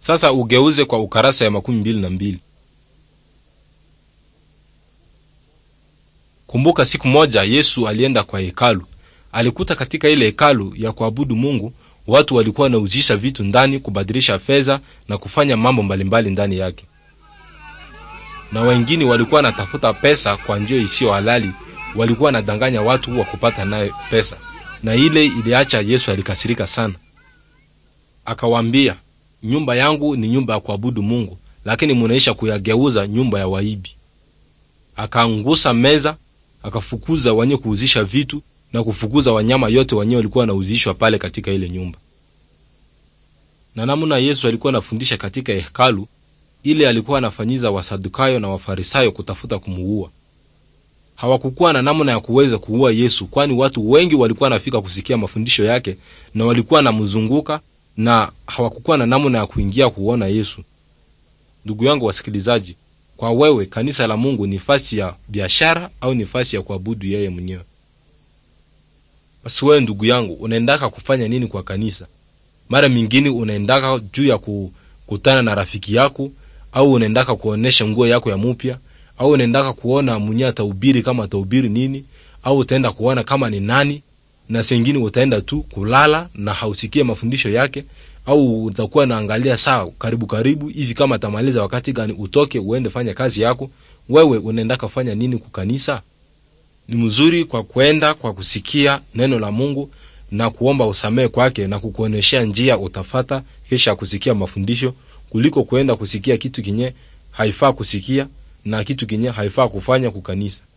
Sasa ugeuze kwa ukarasa ya makumi mbili na mbili. Kumbuka siku moja Yesu alienda kwa hekalu. Alikuta katika ile hekalu ya kuabudu Mungu watu walikuwa wanauzisha vitu ndani, kubadilisha fedha na kufanya mambo mbalimbali ndani yake, na wengine walikuwa wanatafuta pesa kwa njia isiyo halali. Walikuwa wanadanganya watu wa kupata naye pesa, na ile iliacha Yesu alikasirika sana, akawambia nyumba yangu ni nyumba ya kuabudu Mungu, lakini munaisha kuyageuza nyumba ya waibi. Akaangusa meza, akafukuza wenye kuuzisha vitu na kufukuza wanyama yote wenyewe walikuwa wanauzishwa pale katika ile nyumba. Na namna Yesu alikuwa anafundisha katika hekalu ile, alikuwa anafanyiza Wasadukayo na Wafarisayo kutafuta kumuua. Hawakukuwa na namna ya kuweza kuua Yesu, kwani watu wengi walikuwa wanafika kusikia mafundisho yake na walikuwa anamzunguka na hawakukuwa na namna ya kuingia kuona Yesu. Ndugu yangu wasikilizaji, kwa wewe kanisa la Mungu ni fasi ya biashara au ni fasi ya kuabudu yeye mwenyewe? Basi wewe ndugu yangu, unaendaka kufanya nini kwa kanisa? Mara mingine unaendaka juu ya kukutana na rafiki yako, au unaendaka kuonesha nguo yako ya mupya, au unaendaka kuona mwenye atahubiri kama atahubiri nini, au utaenda kuona kama ni nani na sengine utaenda tu kulala na hausikie mafundisho yake, au utakuwa naangalia saa karibu karibu hivi kama atamaliza wakati gani, utoke uende fanya kazi yako. Wewe unaenda kufanya nini kukanisa? Ni mzuri kwa kwenda kwa kusikia neno la Mungu na kuomba usamehe kwake na kukuoneshea njia utafata kisha kusikia mafundisho, kuliko kwenda kusikia kitu kinye haifaa kusikia na kitu kinye haifaa kufanya kukanisa.